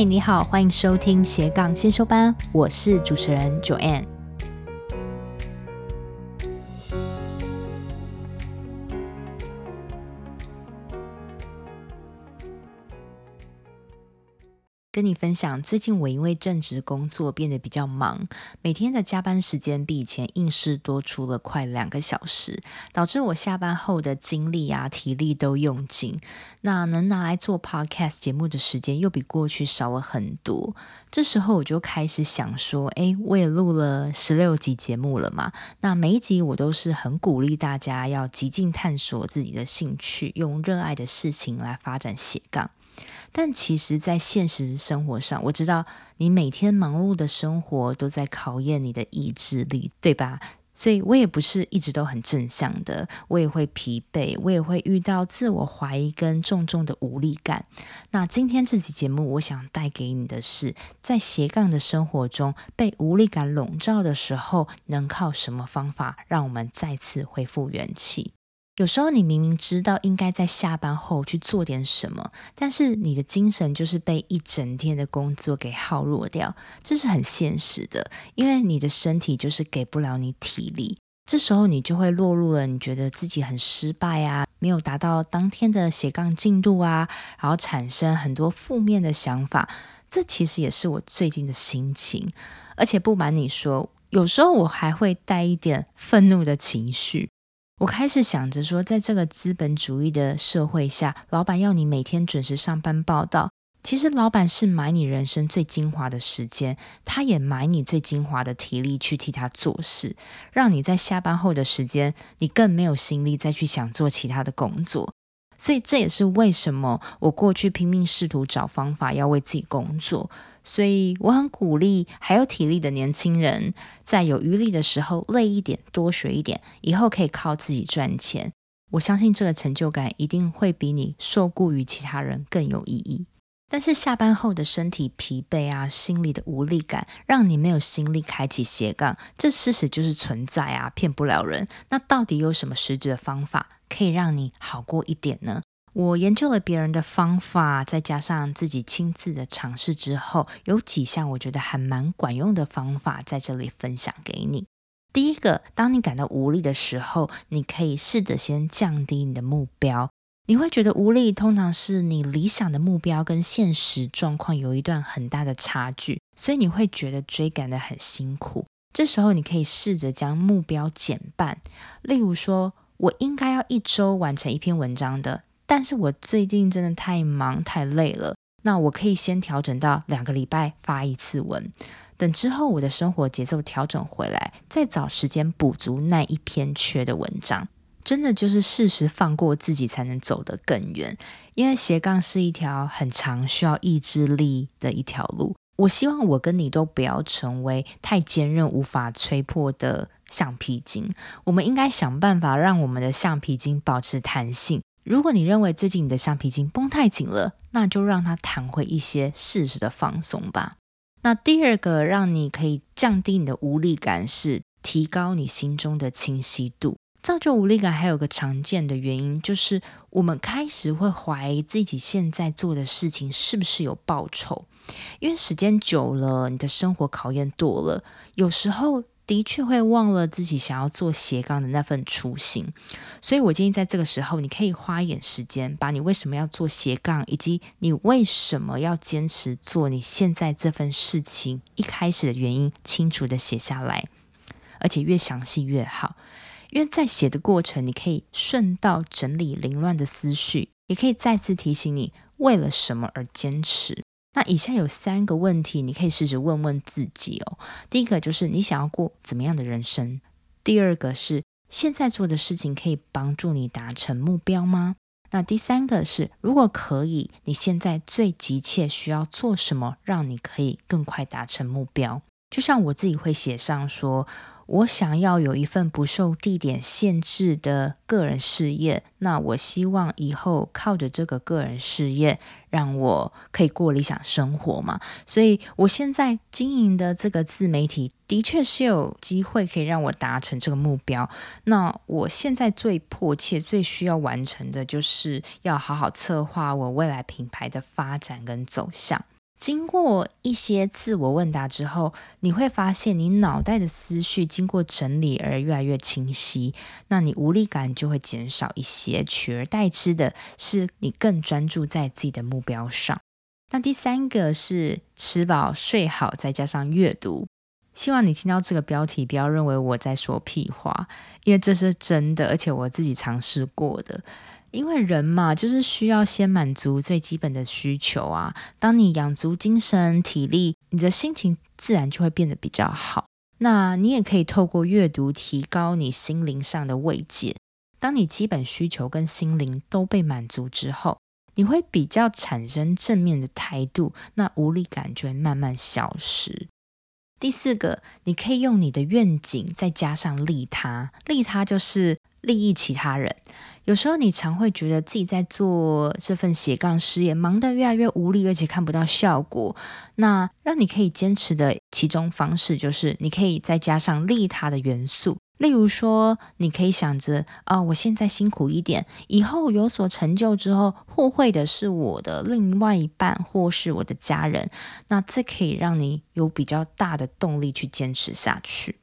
嗨，你好，歡迎收聽斜槓先修班，我是主持人 Joanne。跟你分享，最近我因為正職工作變得比較忙，每天的加班時間比以前硬是多出了快兩個小時，導致我下班後的精力啊、體力都用盡。那能拿來做 Podcast 節目的時間又比過去少了很多。這時候我就開始想說，誒，我也錄了十六集節目了嘛，那每一集我都是很鼓勵大家要極盡探索自己的興趣，用熱愛的事情來發展斜槓。但其實，在現實生活上，我知道你每天忙碌的生活都在考驗你的意志力，對吧？所以我也不是一直都很正向的，我也會疲憊，我也會遇到自我懷疑跟重重的無力感。那今天這期節目，我想帶給你的是，在斜槓的生活中被無力感籠罩的時候，能靠什麼方法讓我們再次恢復元氣？有時候你明明知道應該在下班後去做點什麼，但是你的精神就是被一整天的工作給耗弱掉，這是很現實的，因為你的身體就是給不了你體力。這時候你就會落入了你覺得自己很失敗啊，沒有達到當天的斜槓進度啊，然後產生很多負面的想法。這其實也是我最近的心情，而且不瞞你說，有時候我還會帶一點憤怒的情緒。我開始想着說，在這個資本主義的社會下，老闆要你每天準時上班報到。其實，老闆是買你人生最精華的時間，他也買你最精華的體力去替他做事，讓你在下班後的時間，你更沒有心力再去想做其他的工作。所以這也是為什麼我過去拼命試圖找方法要為自己工作。所以我很鼓勵還有體力的年輕人，在有餘力的時候累一點、多學一點，以後可以靠自己賺錢。我相信這個成就感一定會比你受雇於其他人更有意義。但是下班後的身體疲憊啊，心理的無力感，讓你沒有心力開啟斜槓，這事實就是存在啊，騙不了人。那到底有什麼實質的方法可以讓你好過一點呢？我研究了別人的方法，再加上自己親自的嘗試之後，有幾項我覺得還蠻管用的方法在這裡分享給你。第一個，當你感到無力的時候，你可以試着先降低你的目標。你會覺得無力，通常是你理想的目標跟現實狀況有一段很大的差距，所以你會覺得追趕得很辛苦。這時候你可以試着將目標減半，例如說我應該要一周完成一篇文章的，但是我最近真的太忙，太累了，那我可以先調整到兩個禮拜發一次文，等之後我的生活節奏調整回來，再找時間補足那一篇缺的文章。真的就是適時放過自己，才能走得更遠。因為斜槓是一條很長、需要意志力的一條路。我希望我跟你都不要成為太堅韌無法吹破的橡皮筋。我們應該想辦法讓我們的橡皮筋保持彈性。如果你認為最近你的橡皮筋繃太緊了，那就讓它彈回一些適時的放鬆吧。那第二個讓你可以降低你的無力感是提高你心中的清晰度。造就無力感還有個常見的原因，就是我們開始會懷疑自己現在做的事情是不是有報酬。因為時間久了，你的生活考驗多了，有時候的確會忘了自己想要做斜槓的那份初心。所以，我建議在這個時候，你可以花一點時間，把你為什麼要做斜槓，以及你為什麼要堅持做你現在這份事情一開始的原因，清楚的寫下來，而且越詳細越好。因為在寫的過程，你可以順道整理凌亂的思緒，也可以再次提醒你為了什麼而堅持。那以下有三個問題，你可以試着問問自己哦。第一個就是你想要過怎麼樣的人生？第二個是現在做的事情可以幫助你達成目標嗎？那第三個是如果可以，你現在最急切需要做什麼，讓你可以更快達成目標？就像我自己會寫上說，我想要有一份不受地點限制的個人事業，那我希望以後靠着這個個人事業，讓我可以過理想生活嘛。所以我現在經營的這個自媒體，的確是有機會可以讓我達成這個目標。那我現在最迫切、最需要完成的，就是要好好策劃我未來品牌的發展跟走向。經過一些自我問答之後，你會發現你腦袋的思緒經過整理而越來越清晰，那你無力感就會減少一些，取而代之的是你更專注在自己的目標上。那第三個是吃飽睡好，再加上閱讀。希望你聽到這個標題，不要認為我在說屁話，因為這是真的，而且我自己嘗試過的。因為人嘛，就是需要先滿足最基本的需求啊。當你養足精神、體力，你的心情自然就會變得比較好。那你也可以透過閱讀提高你心靈上的慰藉。當你基本需求跟心靈都被滿足之後，你會比較產生正面的態度，那無力感就會慢慢消失。第四個，你可以用你的願景再加上利他，利他就是利益其他人。有時候你常會覺得自己在做這份斜槓事業，忙得越來越無力，而且看不到效果。那讓你可以堅持的其中方式，就是你可以再加上利他的元素。例如說，你可以想着啊、哦，我現在辛苦一點，以後有所成就之後，互惠的是我的另外一半或是我的家人。那這可以讓你有比較大的動力去堅持下去。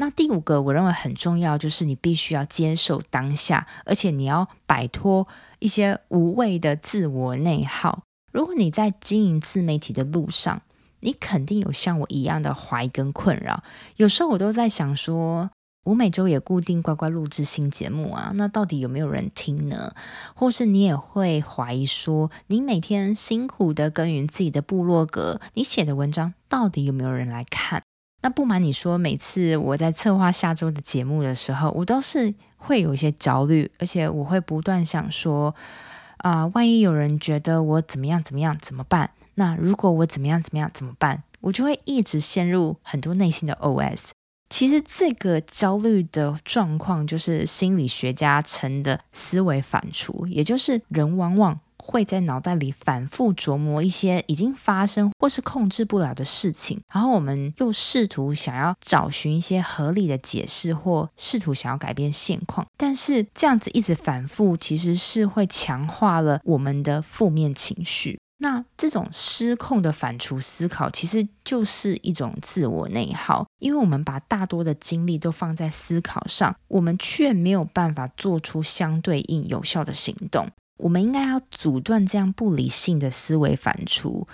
那第五個，我認為很重要，就是你必須要接受當下，而且你要擺脫一些無謂的自我內耗。如果你在經營自媒體的路上，你肯定有像我一樣的懷疑跟困擾。有時候我都在想說，我每周也固定乖乖錄製新節目啊，那到底有沒有人聽呢？或是你也會懷疑說，你每天辛苦的耕耘自己的部落格，你寫的文章到底有沒有人來看？那不瞞你說，每次我在策劃下周的節目的時候，我都是會有一些焦慮，而且我會不斷想說，啊、呃，萬一有人覺得我怎麼樣怎麼樣怎麼辦？那如果我怎麼樣怎麼樣怎麼辦？我就會一直陷入很多內心的 OS。其實這個焦慮的狀況，就是心理學家稱的思維反芻，也就是人往往，會在腦袋裡反覆琢磨一些已經發生或是控制不了的事情，然後我們又試圖想要找尋一些合理的解釋，或試圖想要改變現況。但是這樣子一直反覆，其實是會強化了我們的負面情緒。那這種失控的反芻思考，其實就是一種自我內耗，因為我們把大多的精力都放在思考上，我們卻沒有辦法做出相對應有效的行動。我們應該要阻斷這樣不理性的思維反芻，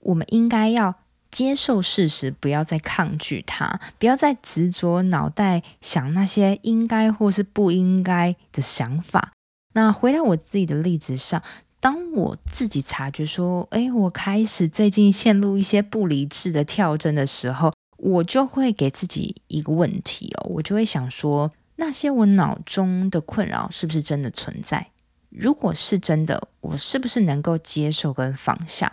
我們應該要接受事實，不要再抗拒它，不要再執着腦袋想那些應該或是不應該的想法。那回到我自己的例子上，當我自己察覺說，哎，我開始最近陷入一些不理智的跳針的時候，我就會給自己一個問題哦，我就會想說，那些我腦中的困擾是不是真的存在？如果是真的，我是不是能夠接受跟放下？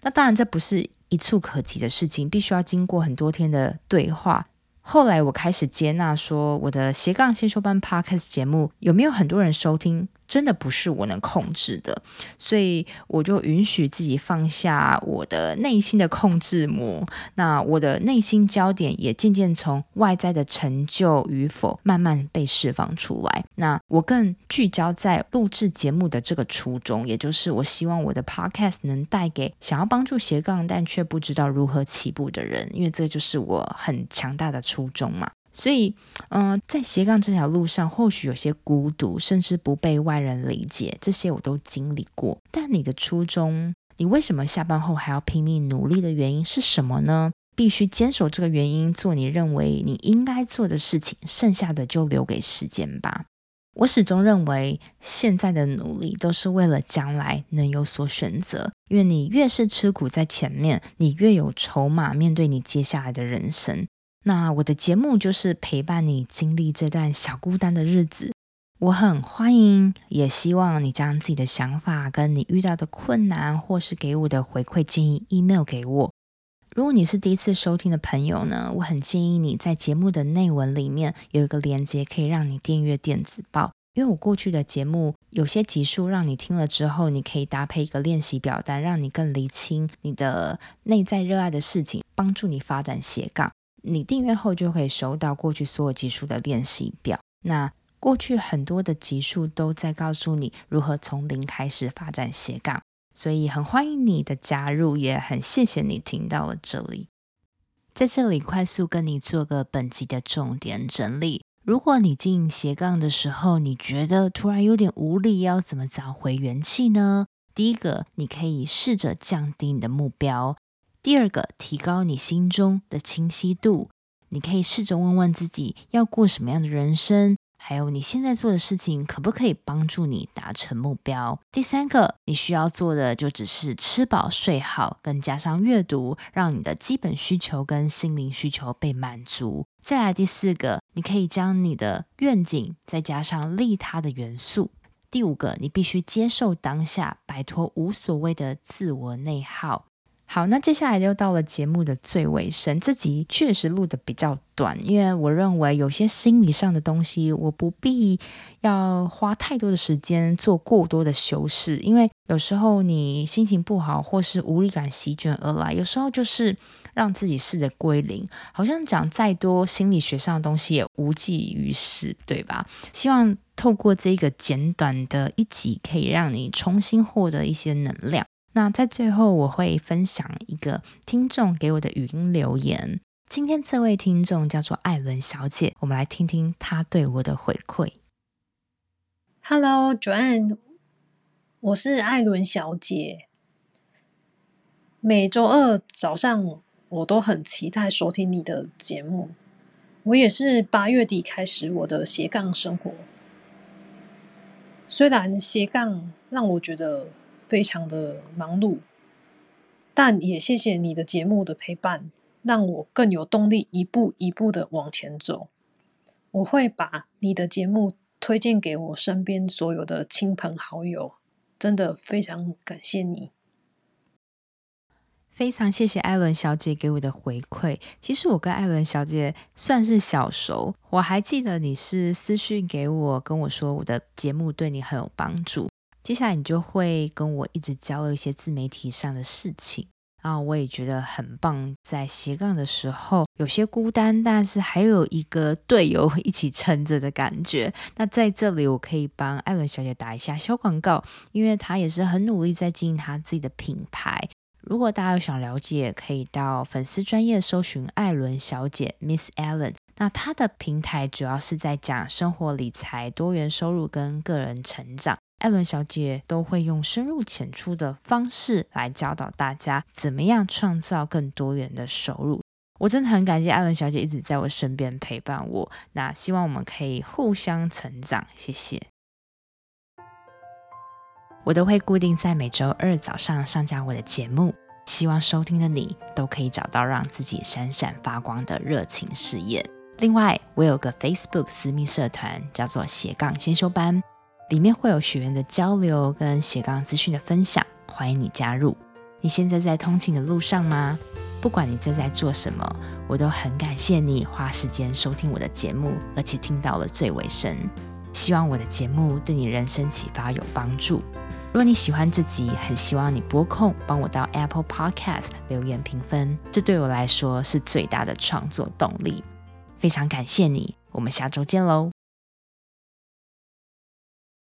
那當然，這不是一蹴可及的事情，必須要經過很多天的對話。後來，我開始接納，說我的斜槓先修班 podcast 節目有沒有很多人收聽，真的不是我能控制的，所以我就允許自己放下我的內心的控制膜。那我的內心焦點也漸漸從外在的成就與否慢慢被釋放出來。那我更聚焦在錄製節目的這個初衷，也就是我希望我的 podcast 能帶給想要幫助斜槓但卻不知道如何起步的人，因為這就是我很強大的初衷嘛。所以，嗯、呃，在斜槓這條路上，或許有些孤獨，甚至不被外人理解，這些我都經歷過。但你的初衷，你為什麼下班後還要拼命努力的原因是什麼呢？必須堅守這個原因，做你認為你應該做的事情，剩下的就留給時間吧。我始終認為，現在的努力都是為了將來能有所選擇，因為你越是吃苦在前面，你越有籌碼面對你接下來的人生。那我的節目就是陪伴你經歷這段小孤單的日子，我很歡迎，也希望你將自己的想法跟你遇到的困難，或是給我的回饋建議，email 給我。如果你是第一次收聽的朋友呢，我很建議你在節目的內文裡面有一個連結，可以讓你訂閱電子報。因為我過去的節目有些集數，讓你聽了之後，你可以搭配一個練習表單，讓你更釐清你的內在熱愛的事情，幫助你發展斜槓。你訂閱後就可以收到過去所有集數的練習表。那過去很多的集數都在告訴你如何從零開始發展斜槓，所以很歡迎你的加入，也很謝謝你聽到了這裡。在這裡快速跟你做個本集的重點整理。如果你進斜槓的時候，你覺得突然有點無力，要怎麼找回元氣呢？第一個，你可以試着降低你的目標。第二個，提高你心中的清晰度，你可以試着問問自己要過什麼樣的人生，還有你現在做的事情可不可以幫助你達成目標。第三個，你需要做的就只是吃飽睡好，更加上閱讀，讓你的基本需求跟心靈需求被滿足。再來，第四個，你可以將你的願景再加上利他的元素。第五個，你必須接受當下，擺脫無所謂的自我內耗。好，那接下來就到了節目的最尾聲。這集確實錄得比較短，因為我認為有些心理上的東西，我不必要花太多的時間做過多的修飾。因為有時候你心情不好，或是無力感席卷而來，有時候就是讓自己試着歸零。好像講再多心理學上的東西也無濟於事，對吧？希望透過這個簡短的一集，可以讓你重新獲得一些能量。那在最後，我會分享一個聽眾給我的語音留言。今天這位聽眾叫做艾倫小姐，我們來聽聽她對我的回饋。Hello，Joanne，我是艾倫小姐。每週二早上，我都很期待收聽你的節目。我也是八月底開始我的斜槓生活，雖然斜槓讓我覺得。非常的忙碌，但也謝謝你的節目的陪伴，讓我更有動力一步一步的往前走。我會把你的節目推薦給我身邊所有的親朋好友，真的非常感謝你。非常謝謝艾倫小姐給我的回饋。其實我跟艾倫小姐算是小熟，我還記得你是私訊給我，跟我說我的節目對你很有幫助。接下來你就會跟我一直交流一些自媒體上的事情啊，我也覺得很棒。在斜槓的時候有些孤單，但是還有一個隊友一起撐着的感覺。那在這裡我可以幫艾倫小姐打一下小廣告，因為她也是很努力在經營她自己的品牌。如果大家有想了解，可以到粉絲專業搜尋艾倫小姐 Miss Ellen。那它的平台主要是在講生活理財、多元收入跟個人成長。艾倫小姐都會用深入淺出的方式來教導大家怎麼樣創造更多元的收入。我真的很感謝艾倫小姐一直在我身邊陪伴我。那希望我們可以互相成長，謝謝。我都會固定在每周二早上上架我的節目，希望收聽的你都可以找到讓自己閃閃發光的熱情事業。另外，我有個 Facebook 私密社團，叫做斜槓先修班，裡面會有學員的交流跟斜槓資訊的分享，歡迎你加入。你現在在通勤的路上嗎？不管你正在做什麼，我都很感謝你花時間收聽我的節目，而且聽到了最尾聲。希望我的節目對你人生啟發有幫助。如果你喜歡自己，很希望你撥空幫我到 Apple Podcast 留言評分，這對我來說是最大的創作動力。非常感謝你，我們下周見嘍。